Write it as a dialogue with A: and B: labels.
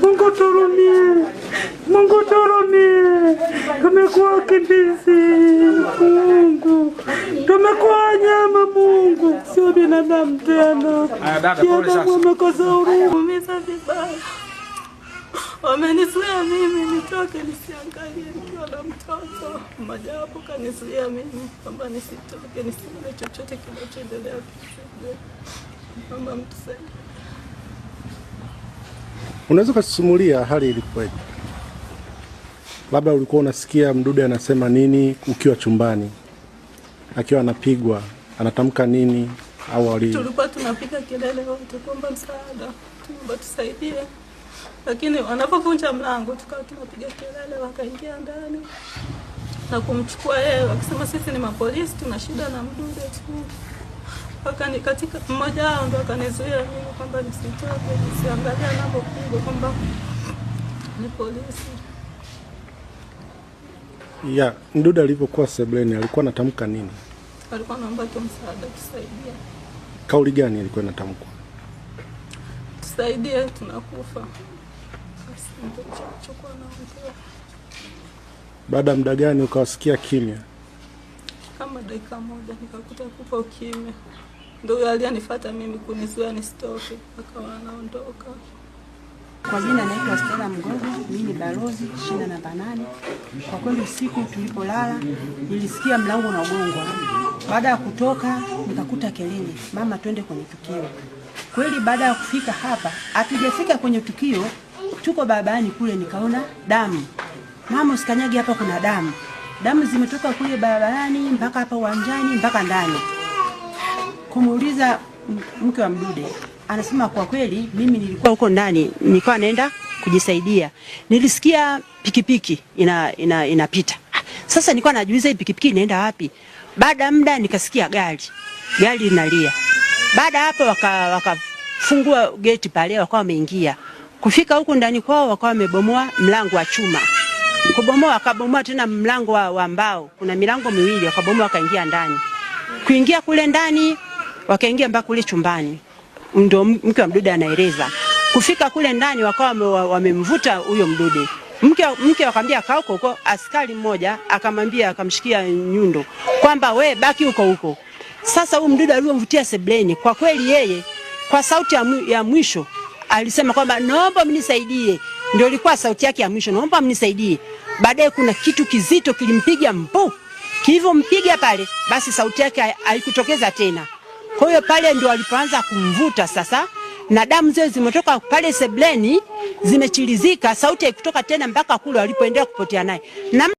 A: Mungu turumie, Mungu turumie, tumekuwa wakimbizi Mungu, tumekuwa wanyama Mungu, sio binadamu tena. Binadamu wamekosa huruma
B: vibaya, wamenizuia mimi nitoke nisiangalie nikiwa na mtoto mmoja wapo, kanizuia mimi kwamba nisitoke nisione chochote kinachoendelea. Mama mtusaidie.
C: Unaweza ukasimulia hali ilikuwaje? Labda ulikuwa unasikia Mdude anasema nini ukiwa chumbani, akiwa anapigwa, anatamka nini? Au wali
B: tulikuwa tunapiga kelele wote kuomba msaada, tuomba tusaidie, lakini wanapovunja mlango tukawa tunapiga kelele, wakaingia ndani na kumchukua yeye, wakisema sisi ni mapolisi, tuna shida na Mdude tu wakani katika mmoja wao ndo akanizuia mimi kwamba nisitoke nisiangalie anapopigwa kwamba ni polisi.
C: Ya Mdude alivyokuwa sebleni alikuwa anatamka nini?
B: Alikuwa anaomba tu msaada, tusaidia.
C: Kauli gani alikuwa inatamkwa?
B: Tusaidie, tunakufa.
C: Baada ya muda gani ukawasikia kimya?
B: kama dakika moja, nikakuta kupo kimya. Ndio aliyenifuata mimi kunizuia nisitoke, akawa anaondoka.
D: Kwa jina naitwa Stella Mgogo, mimi ni balozi shina na nane. Kwa kweli usiku tulipolala nilisikia mlango unagongwa. Baada ya kutoka nikakuta kelele, mama, twende kwenye tukio. Kweli baada ya kufika hapa, hatujafika kwenye tukio, tuko babani kule, nikaona damu. Mama, usikanyage hapa, kuna damu damu zimetoka kule barabarani mpaka hapa uwanjani mpaka ndani. Kumuuliza mke wa Mdude anasema kwa kweli, mimi nilikuwa huko ndani, nilikuwa naenda kujisaidia, nilisikia pikipiki ina, ina, inapita. Sasa nilikuwa najiuliza hii pikipiki inaenda wapi? Baada ya muda nikasikia gari gari linalia. Baada hapo wakafungua waka geti pale, wakawa wameingia. Kufika huku ndani kwao, wakawa wamebomoa mlango wa chuma kubomoa, akabomoa tena mlango wa, wa mbao, kuna milango miwili, wakabomoa wakaingia ndani. Kuingia kule ndani wakaingia mpaka kule chumbani, ndio mke wa mdude anaeleza. Kufika kule ndani wakawa wamemvuta huyo mdude mke, mke akamwambia kaa huko huko. Askari mmoja akamwambia akamshikia nyundo kwamba we baki huko huko. Sasa huyu mdude aliyomvutia sebleni, kwa kweli yeye kwa sauti ya mwisho alisema kwamba naomba mnisaidie, ndio ilikuwa sauti yake ya mwisho, naomba mnisaidie. Baadaye kuna kitu kizito kilimpiga mpu, kilivyompiga pale, basi sauti yake haikutokeza tena. Kwa hiyo pale ndio alipoanza kumvuta sasa, na damu zile zimetoka pale sebleni zimechirizika, sauti haikutoka tena mpaka kule alipoendelea kupotea naye na